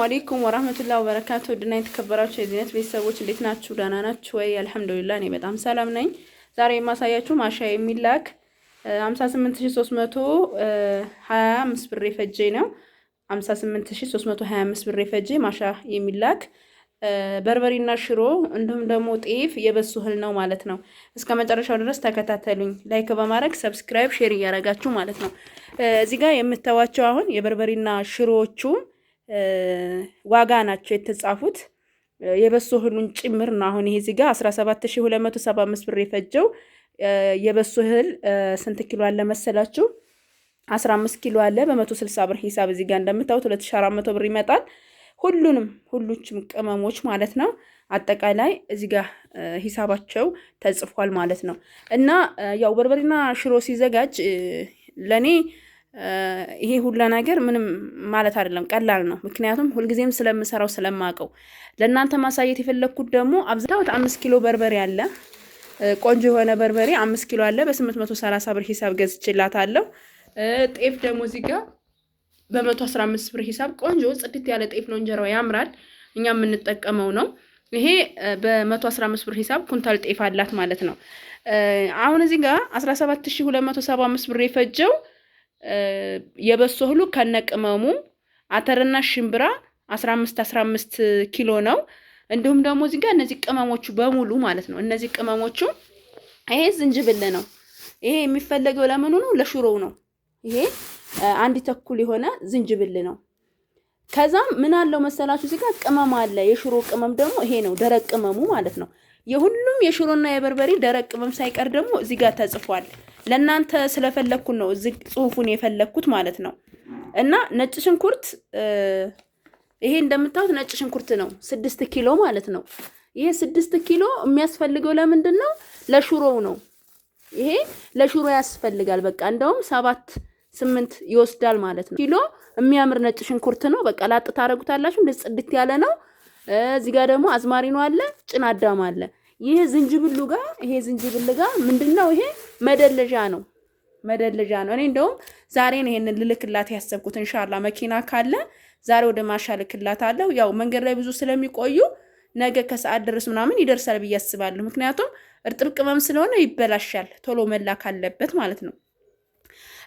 ዋሊኩም ወራህመቱላ ወበረካቱ ድና የተከበራችሁ የዚህነት ቤተሰቦች እንዴት ናችሁ? ደህና ናችሁ ወይ? አልሐምዱሊላ እኔ በጣም ሰላም ነኝ። ዛሬ የማሳያችሁ ማሻ የሚላክ 58325 ብር የፈጀ ነው። 58325 ብር የፈጀ ማሻ የሚላክ በርበሬና ሽሮ እንዲሁም ደግሞ ጤፍ የበሱ እህል ነው ማለት ነው። እስከ መጨረሻው ድረስ ተከታተሉኝ። ላይክ በማድረግ ሰብስክራይብ፣ ሼር እያረጋችሁ ማለት ነው። እዚህ ጋር የምተዋቸው አሁን የበርበሬና ሽሮዎቹ ዋጋ ናቸው የተጻፉት የበሶ እህሉን ጭምር ነው። አሁን ይሄ እዚህ ጋር 17275 ብር የፈጀው የበሶ እህል ስንት ኪሎ አለ መሰላችሁ? 15 ኪሎ አለ በ160 ብር ሂሳብ እዚህ ጋር እንደምታዩት 2400 ብር ይመጣል። ሁሉንም ሁሉችም ቅመሞች ማለት ነው አጠቃላይ እዚህ ጋር ሂሳባቸው ተጽፏል ማለት ነው። እና ያው በርበሬና ሽሮ ሲዘጋጅ ለእኔ ይሄ ሁላ ነገር ምንም ማለት አይደለም፣ ቀላል ነው። ምክንያቱም ሁልጊዜም ስለምሰራው ስለማቀው ለእናንተ ማሳየት የፈለግኩት ደግሞ አብዛኛው አምስት ኪሎ በርበሬ አለ፣ ቆንጆ የሆነ በርበሬ አምስት ኪሎ አለ። በስምንት መቶ ሰላሳ ብር ሂሳብ ገዝቼላታለሁ። ጤፍ ደግሞ እዚህ ጋር በመቶ አስራ አምስት ብር ሂሳብ ቆንጆ ጽድት ያለ ጤፍ ነው። እንጀራው ያምራል፣ እኛ የምንጠቀመው ነው። ይሄ በመቶ አስራ አምስት ብር ሂሳብ ኩንታል ጤፍ አላት ማለት ነው። አሁን እዚህ ጋር አስራ ሰባት ሺህ ሁለት መቶ ሰባ አምስት ብር የፈጀው የበሶ እህሉ ከነቅመሙ አተርና ሽምብራ 15 15 ኪሎ ነው። እንዲሁም ደግሞ እዚህ ጋር እነዚህ ቅመሞቹ በሙሉ ማለት ነው። እነዚህ ቅመሞቹ ይሄ ዝንጅብል ነው። ይሄ የሚፈለገው ለምኑ ነው? ለሽሮው ነው። ይሄ አንድ ተኩል የሆነ ዝንጅብል ነው። ከዛም ምን አለው መሰላችሁ እዚህ ጋር ቅመም አለ። የሽሮ ቅመም ደግሞ ይሄ ነው፣ ደረቅ ቅመሙ ማለት ነው። የሁሉም የሽሮና የበርበሬ ደረቅ ቅመም ሳይቀር ደግሞ እዚህ ጋር ተጽፏል። ለእናንተ ስለፈለግኩት ነው እዚህ ጽሁፉን የፈለግኩት ማለት ነው። እና ነጭ ሽንኩርት ይሄ እንደምታዩት ነጭ ሽንኩርት ነው፣ ስድስት ኪሎ ማለት ነው። ይሄ ስድስት ኪሎ የሚያስፈልገው ለምንድን ነው? ለሽሮው ነው። ይሄ ለሽሮ ያስፈልጋል። በቃ እንደውም ሰባት ስምንት ይወስዳል ማለት ነው። ኪሎ የሚያምር ነጭ ሽንኩርት ነው። በቃ ላጥ ታደርጉታላችሁ። እንደ ጽድት ያለ ነው። እዚህ ጋር ደግሞ አዝማሪ ነው አለ፣ ጭናዳም አለ። ይሄ ዝንጅብሉ ጋር ይሄ ዝንጅብል ጋር ምንድን ነው ይሄ መደለዣ ነው መደለዣ ነው። እኔ እንደውም ዛሬን ይሄንን ልልክላት ያሰብኩት። እንሻላ መኪና ካለ ዛሬ ወደ ማሻ ልክላት አለው ያው መንገድ ላይ ብዙ ስለሚቆዩ ነገ ከሰዓት ድረስ ምናምን ይደርሳል ብዬ አስባለሁ። ምክንያቱም እርጥብ ቅመም ስለሆነ ይበላሻል፣ ቶሎ መላክ አለበት ማለት ነው።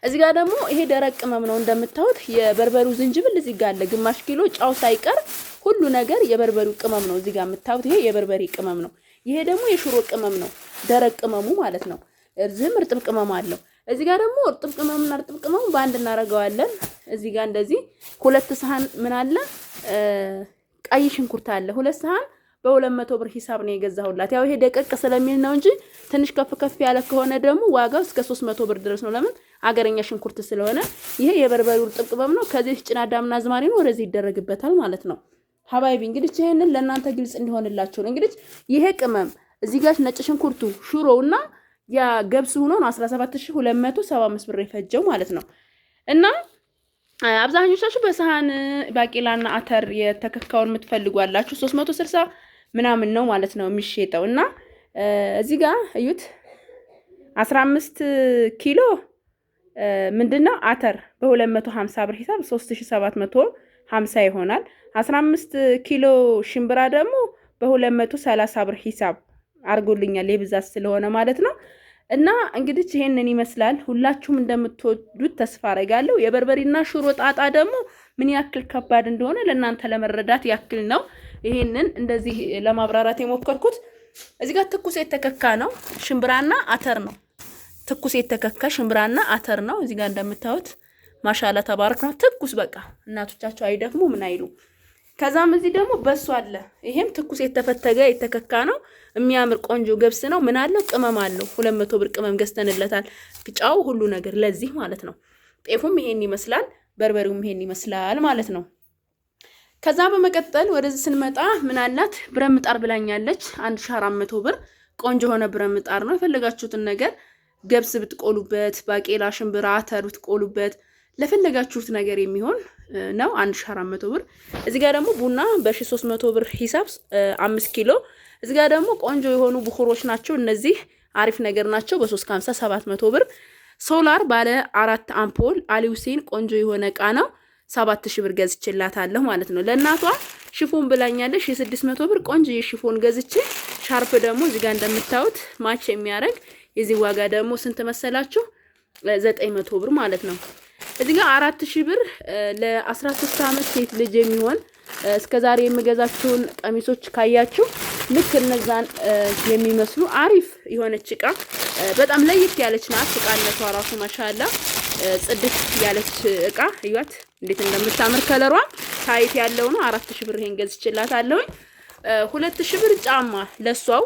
እዚህ ጋር ደግሞ ይሄ ደረቅ ቅመም ነው እንደምታዩት፣ የበርበሩ ዝንጅብል እዚህ ጋር አለ፣ ግማሽ ኪሎ ጫው ሳይቀር ሁሉ ነገር የበርበሩ ቅመም ነው። እዚህ ጋር የምታዩት ይሄ የበርበሬ ቅመም ነው። ይሄ ደግሞ የሽሮ ቅመም ነው፣ ደረቅ ቅመሙ ማለት ነው። እርዝም እርጥብ ቅመም አለው። እዚህ ጋር ደግሞ እርጥብ ቅመምና እርጥብ ቅመም በአንድ እናደርገዋለን። እዚህ ጋር እንደዚህ ሁለት ሰሃን ምን አለ ቀይ ሽንኩርት አለ። ሁለት ሰሃን በሁለት መቶ ብር ሂሳብ ነው የገዛሁላት። ያው ይሄ ደቀቅ ስለሚል ነው እንጂ ትንሽ ከፍ ከፍ ያለ ከሆነ ደግሞ ዋጋው እስከ ሶስት መቶ ብር ድረስ ነው። ለምን አገረኛ ሽንኩርት ስለሆነ። ይሄ የበርበሬው እርጥብ ቅመም ነው። ከዚህ ጭናዳምና ዝማሬ ነው ወደዚህ ይደረግበታል ማለት ነው። ሀባይቢ እንግዲህ ይሄንን ለእናንተ ግልጽ እንዲሆንላችሁ ነው። እንግዲህ ይሄ ቅመም እዚህ ጋር ነጭ ሽንኩርቱ፣ ሽሮውና የገብስ ሆኖ ነው 17275 ብር የፈጀው ማለት ነው። እና አብዛኞቻችሁ በሰሃን ባቄላና አተር የተከካውን የምትፈልጓላችሁ 360 ምናምን ነው ማለት ነው የሚሸጠው። እና እዚህ ጋር እዩት 15 ኪሎ ምንድነው አተር በ250 ብር ሂሳብ 3750 ይሆናል። 15 ኪሎ ሽምብራ ደግሞ በ230 ብር ሂሳብ አርጎልኛል የብዛት ስለሆነ ማለት ነው። እና እንግዲህ ይሄንን ይመስላል። ሁላችሁም እንደምትወዱት ተስፋ አረጋለሁ። የበርበሬና ሽሮ ጣጣ ደግሞ ምን ያክል ከባድ እንደሆነ ለእናንተ ለመረዳት ያክል ነው። ይሄንን እንደዚህ ለማብራራት የሞከርኩት እዚህ ጋር ትኩስ የተከካ ነው፣ ሽምብራና አተር ነው። ትኩስ የተከካ ሽምብራና አተር ነው። እዚህ ጋር እንደምታዩት ማሻላ ተባረክ ነው። ትኩስ በቃ እናቶቻቸው አይደግሙ ምን አይሉ ከዛም እዚህ ደግሞ በሶ አለ። ይሄም ትኩስ የተፈተገ የተከካ ነው። የሚያምር ቆንጆ ገብስ ነው። ምን አለው? ቅመም አለው። ሁለት መቶ ብር ቅመም ገዝተንለታል። ጫው፣ ሁሉ ነገር ለዚህ ማለት ነው። ጤፉም ይሄን ይመስላል፣ በርበሬውም ይሄን ይመስላል ማለት ነው። ከዛ በመቀጠል ወደዚህ ስንመጣ ምን አላት? ብላኛለች። አንድ ሺ አራት መቶ ብር ቆንጆ የሆነ ብረት ነው። የፈለጋችሁትን ነገር ገብስ ብትቆሉበት፣ ባቄላ፣ ሽምብራ፣ አተር ብትቆሉበት ለፈለጋችሁት ነገር የሚሆን ነው። 1400 ብር። እዚህ ጋር ደግሞ ቡና በ መቶ ብር ሂሳብ 5 ኪሎ። እዚህ ጋር ደግሞ ቆንጆ የሆኑ ብኩሮች ናቸው። እነዚህ አሪፍ ነገር ናቸው። በ350 ብር። ሶላር ባለ አራት አምፖል አሊ ቆንጆ የሆነ እቃ ነው። 7000 ብር ገዝችላታለሁ ማለት ነው። ለእናቷ ሽፎን ብላኛለች። የ600 ብር ቆንጆ የሽፎን ገዝቼ ሻርፕ ደግሞ እዚህ ጋር እንደምታዩት ማች የሚያደርግ የዚህ ዋጋ ደግሞ ስንት መሰላችሁ? 900 ብር ማለት ነው። እዚህ ጋር አራት ሺህ ብር ለአስራ ሶስት አመት ሴት ልጅ የሚሆን እስከ ዛሬ የምገዛችሁን ቀሚሶች ካያችሁ ልክ እነዛን የሚመስሉ አሪፍ የሆነች እቃ በጣም ለየት ያለች ናት። እቃነቷ ራሱ ማሻላ ጽድት ያለች እቃ እዩት፣ እንዴት እንደምታምር ከለሯ ታይት ያለው ነው። አራት ሺህ ብር ይሄን ገዝቼላታለሁኝ። ሁለት ሺህ ብር ጫማ ለእሷው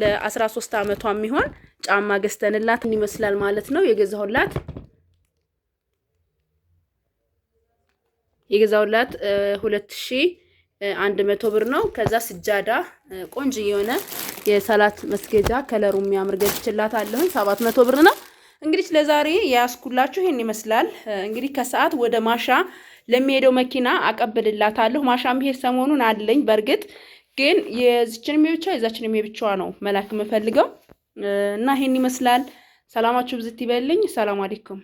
ለአስራ ሶስት አመቷ የሚሆን ጫማ ገዝተንላት ይመስላል ማለት ነው የገዛሁላት የገዛውላት ሁለት ሺ አንድ መቶ ብር ነው። ከዛ ስጃዳ ቆንጆ የሆነ የሰላት መስገጃ ከለሩ የሚያምር ገዝችላት አለሁኝ ሰባት መቶ ብር ነው። እንግዲህ ለዛሬ ያስኩላችሁ ይህን ይመስላል። እንግዲህ ከሰዓት ወደ ማሻ ለሚሄደው መኪና አቀብልላታለሁ። ማሻ መሄድ ሰሞኑን አለኝ። በእርግጥ ግን የዚችን ብቻ የዛችን ብቻዋ ነው መላክ የምፈልገው እና ይሄን ይመስላል። ሰላማችሁ ብዝት ይበልኝ። ሰላም አለይኩም